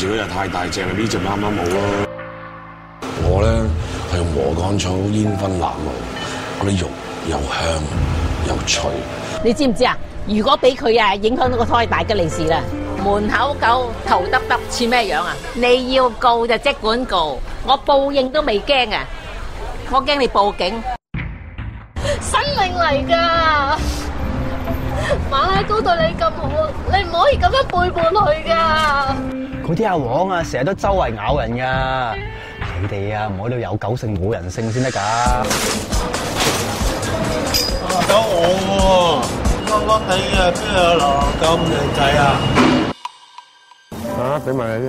如果又太大隻，呢隻啱啱好咯。我咧係用禾乾草煙燻鴨肉，嗰啲肉又香又脆。你知唔知啊？如果俾佢啊影響到個胎大吉利是啦。門口狗頭耷耷似咩樣啊？你要告就即管告，我報應都未驚啊！我驚你報警。生命嚟㗎，馬拉糕對你咁好，你唔可以咁樣背叛佢㗎。嗰啲阿黃啊，成日都周圍咬人噶，你哋啊，唔好都有狗性冇人性先得噶。狗我喎，我我哋啊，邊有咁靚仔啊？啊，俾埋你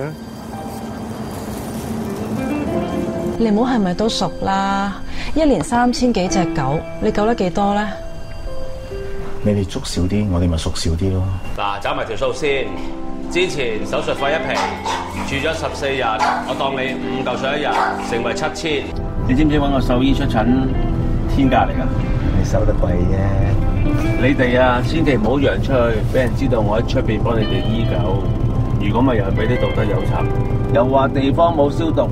先。你唔好係咪都熟啦？一年三千幾隻狗，你救得幾多咧？你哋捉少啲，我哋咪熟少啲咯。嗱，找埋條數先。之前手術費一，平住咗十四日，我當你五舊水一日，成為七千，啊。你知唔知揾個獸醫出診？天價嚟噶，你收得貴啫。你哋啊，千祈唔好揚出去，俾人知道我喺出邊幫你哋醫狗。如果咪又係俾啲道德有差，又話地方冇消毒，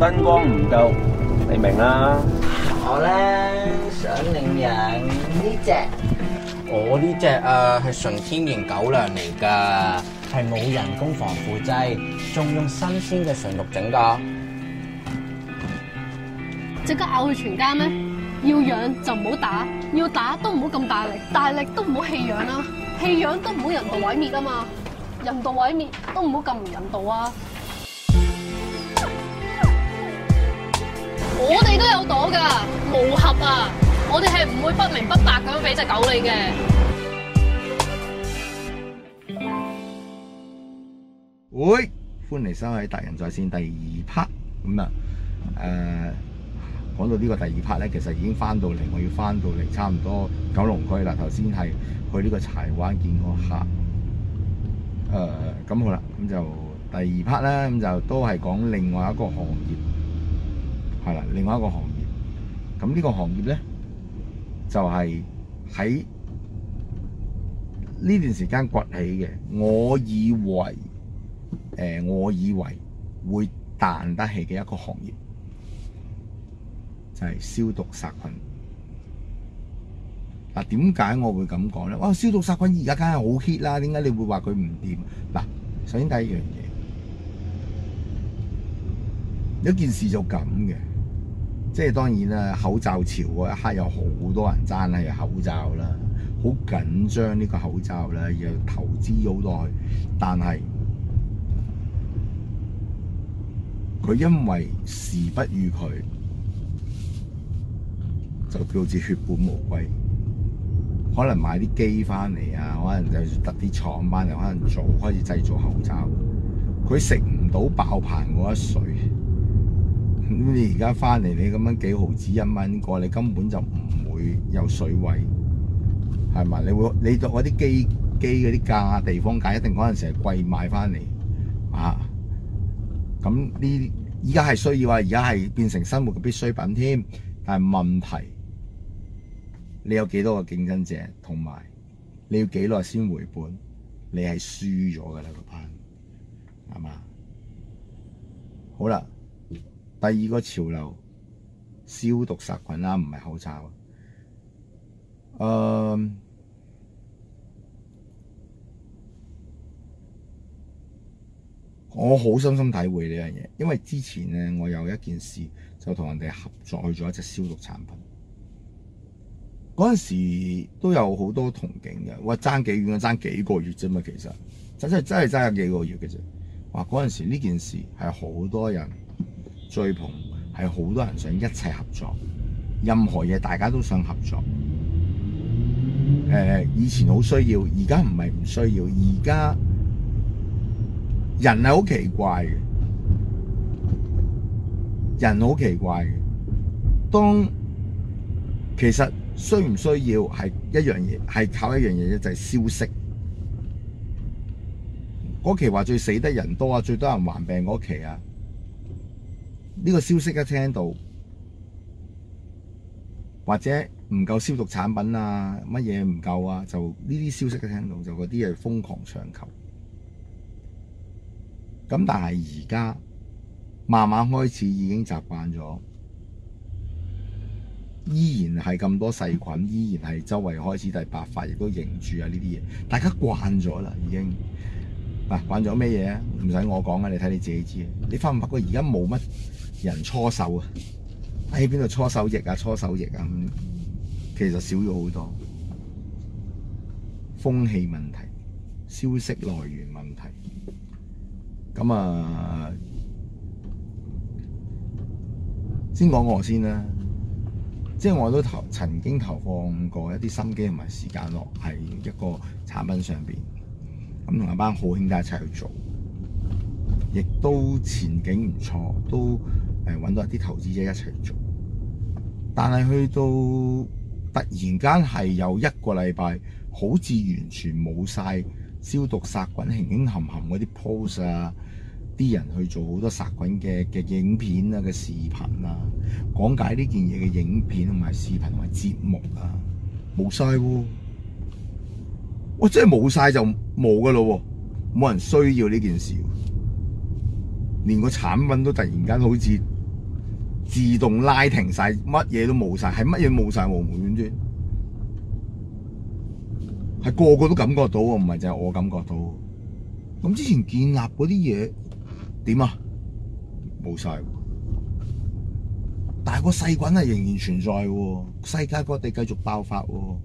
燈光唔夠，你明啦，啊。我咧想領養呢隻，我呢隻啊係純天然狗糧嚟噶。係冇人工防腐劑，仲用新鮮嘅純肉整噶。即刻咬佢全家咩？要養就唔好打，要打都唔好咁大力，大力都唔好棄養啦，棄養都唔好人道毀滅啊嘛，人道毀滅都唔好咁唔人道啊。我哋都有朵噶，無合啊！我哋係唔會不明不白咁樣俾隻狗你嘅。喂、哎、歡迎收睇《達仁在綫》第二 part。咁啊，誒，講到呢個第二 part 咧，其實已經翻到嚟，我要翻到嚟，差唔多九龍區啦。頭先係去呢個柴灣見個客，誒、呃，咁好啦，咁就第二 part 咧，咁就都係講另外一個行業，係啦，另外一個行業。咁呢個行業咧，就係喺呢段時間崛起嘅。我以為。誒、呃，我以為會彈得起嘅一個行業，就係、是、消毒殺菌。嗱、啊，點解我會咁講咧？哇、啊，消毒殺菌而家梗係好 hit 啦。點解你會話佢唔掂？嗱、啊，首先第一樣嘢，有件事就咁嘅，即係當然啦。口罩潮嗰一刻有，有好多人爭喺口罩啦，好緊張呢個口罩咧，又投資咗好多落去，但係，佢因為時不遇佢，就導致血本無歸。可能買啲機翻嚟啊，可能就揼啲廠翻嚟，可能做開始製造口罩。佢食唔到爆棚嗰一水，咁你而家翻嚟，你咁樣幾毫子一蚊個，你根本就唔會有水位，係咪？你會你啲機機嗰啲價地方價一定嗰陣時係貴買翻嚟。咁呢？而家係需要啊！而家係變成生活嘅必需品添。但係問題，你有幾多個競爭者，同埋你要幾耐先回本？你係輸咗㗎啦，個班係嘛？好啦，第二個潮流消毒殺菌啦，唔係口罩。誒、uh,。我好深深體會呢樣嘢，因為之前呢，我有一件事就同人哋合作去咗一隻消毒產品，嗰陣時都有好多憧憬嘅，話爭幾遠啊，爭幾個月啫嘛，其實真真真係爭咗幾個月嘅啫。話，嗰陣時呢件事係好多人追捧，係好多人想一齊合作，任何嘢大家都想合作。誒、呃，以前好需要，而家唔係唔需要，而家。人係好奇怪嘅，人好奇怪嘅。當其實需唔需要係一樣嘢，係靠一樣嘢嘅，就係消息。嗰期話最死得人多啊，最多人患病嗰期啊，呢個消息一聽到，或者唔夠消毒產品啊，乜嘢唔夠啊，就呢啲消息一聽到，就嗰啲係瘋狂搶購。咁但係而家慢慢開始已經習慣咗，依然係咁多細菌，依然係周圍開始第八發，亦都凝住啊呢啲嘢，大家慣咗啦，已經啊慣咗咩嘢啊？唔使我講啊，你睇你自己知啊。你發唔發覺而家冇乜人搓手、哎、啊？喺邊度搓手液啊？搓手液啊？其實少咗好多風氣問題，消息來源問題。咁啊，先講我先啦，即係我都投曾經投放過一啲心機同埋時間落喺一個產品上邊，咁同一班好兄弟一齊去做，亦都前景唔錯，都誒揾到一啲投資者一齊去做，但係去到突然間係有一個禮拜，好似完全冇晒消毒殺菌輕輕含含嗰啲 pose 啊～啲人去做好多殺菌嘅嘅影片啊，嘅視頻啊，講解呢件嘢嘅影片同埋視頻同埋節目啊，冇晒喎！哇，真係冇晒就冇㗎咯，冇人需要呢件事，啊，連個產品都突然間好似自動拉停晒，乜嘢都冇晒，係乜嘢冇晒？望望遠端，係、嗯、個個都感覺到、啊，唔係就係我感覺到、啊。咁之前建立嗰啲嘢。點啊？冇晒，但係個細菌係仍然存在喎，世界各地繼續爆發喎，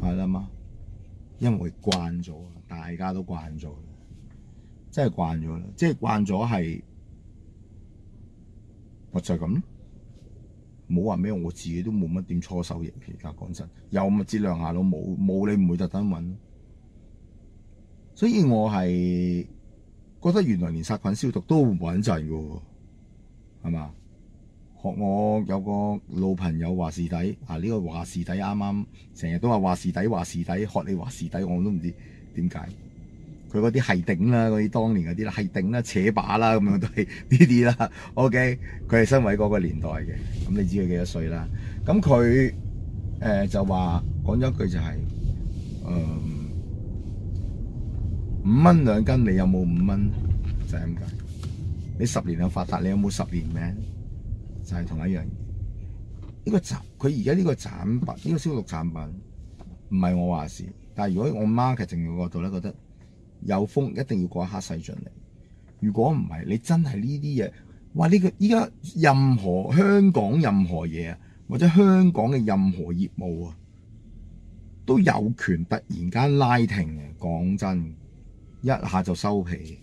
係啦嘛。因為慣咗，大家都慣咗，真係慣咗啦。即係慣咗係，咪就係咁咯。冇話咩，我自己都冇乜點搓手液，而家講真，有咪知量下咯，冇冇你唔會特登搵。所以我係。覺得原來連殺菌消毒都唔穩陣嘅喎，係嘛？學我有個老朋友話事底，啊呢個話事底啱啱成日都話話事底話事底，學你話事底我都唔知點解。佢嗰啲係頂啦，嗰啲當年嗰啲啦，係頂啦，扯把啦，咁樣都係呢啲啦。OK，佢係身為嗰個年代嘅，咁你知佢幾多歲啦？咁佢誒就話講咗一句就係、是、誒。呃五蚊兩斤，你有冇五蚊？就係咁解。你十年有發達，你有冇十年命？就係、是、同一樣。呢、這個產，佢而家呢個產品，呢、這個消毒產品，唔係我話事。但係如果我媽嘅淨嘅角度咧，覺得有風一定要過一刻勢進嚟。如果唔係，你真係呢啲嘢，哇、這個！呢個依家任何香港任何嘢啊，或者香港嘅任何業務啊，都有權突然間拉停。講真。一下就收皮，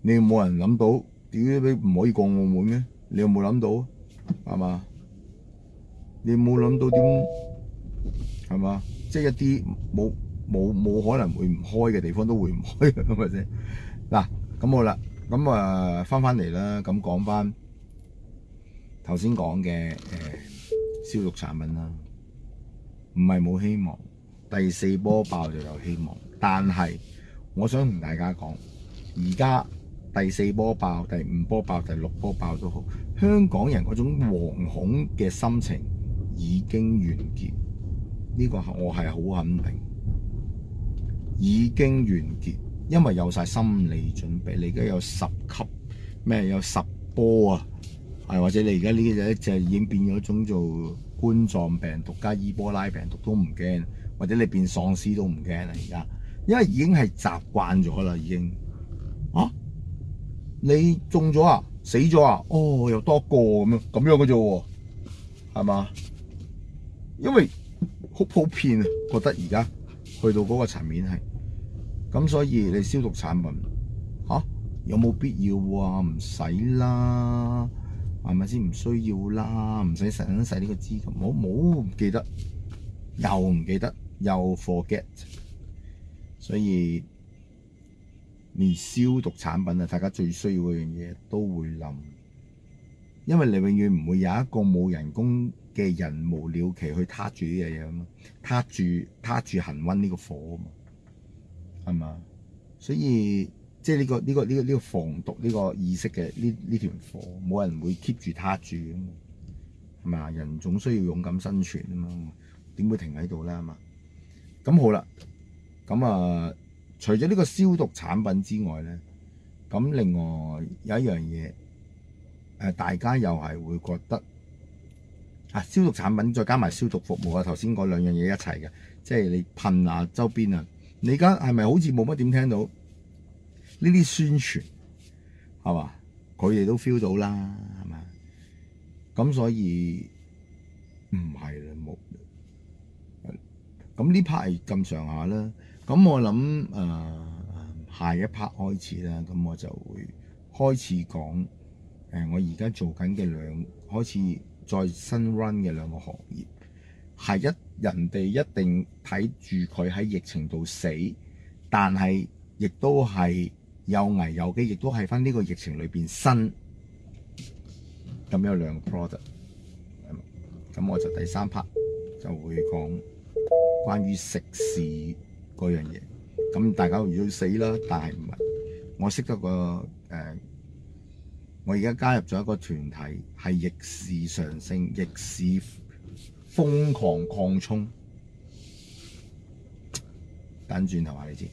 你冇人諗到，點解你唔可以過澳門嘅，你有冇諗到？係嘛？你冇諗到點？係嘛？即係一啲冇冇冇可能會唔開嘅地方都會唔開，係咪先？嗱，咁好啦，咁啊翻翻嚟啦，咁講翻頭先講嘅誒消毒產品啦，唔係冇希望，第四波爆就有希望。但係，我想同大家講，而家第四波爆、第五波爆、第六波爆都好，香港人嗰種惶恐嘅心情已經完結。呢個我係好肯定，已經完結，因為有晒心理準備。你而家有十級咩？有十波啊，係或者你而家呢隻已經變咗一種做冠狀病毒加伊波拉病毒都唔驚，或者你變喪屍都唔驚啦而家。因為已經係習慣咗啦，已經。啊？你中咗啊？死咗啊？哦，又多個咁樣咁樣嘅啫，係嘛？因為好普遍啊，覺得而家去到嗰個層面係，咁所以你消毒產品吓、啊、有冇必要啊？唔使啦，係咪先？唔需要啦，唔使使使呢個資金。冇冇唔記得？又唔記得？又 forget？所以連消毒產品啊，大家最需要嗰樣嘢都會冧，因為你永遠唔會有一個冇人工嘅人無了期去撻住呢樣嘢啊嘛，撻住撻住恒温呢個火啊嘛，係嘛？所以即係呢個呢個呢個呢個防毒呢個意識嘅呢呢條火，冇人會 keep 住撻住啊嘛，係嘛？人總需要勇敢生存啊嘛，點會停喺度咧啊嘛？咁好啦。咁啊、嗯，除咗呢個消毒產品之外咧，咁另外有一樣嘢，誒大家又係會覺得啊，消毒產品再加埋消毒服務啊，頭先嗰兩樣嘢一齊嘅，即係你噴下周邊啊，你而家係咪好似冇乜點聽到呢啲宣傳？係嘛，佢哋都 feel 到啦，係咪？咁所以唔係啦，冇，咁呢排咁上下啦。咁我諗誒、呃、下一 part 開始啦，咁我就會開始講誒、呃、我而家做緊嘅兩開始再新 run 嘅兩個行業，係一，人哋一定睇住佢喺疫情度死，但係亦都係有危有機，亦都係翻呢個疫情裏邊新咁有兩個 product。咁我就第三 part 就會講關於食肆。嗰樣嘢，咁大家要死啦！但係唔係，我識得個，呃，我而家加入咗一個團體，係逆市上升，逆市瘋狂擴充。等轉頭話你知。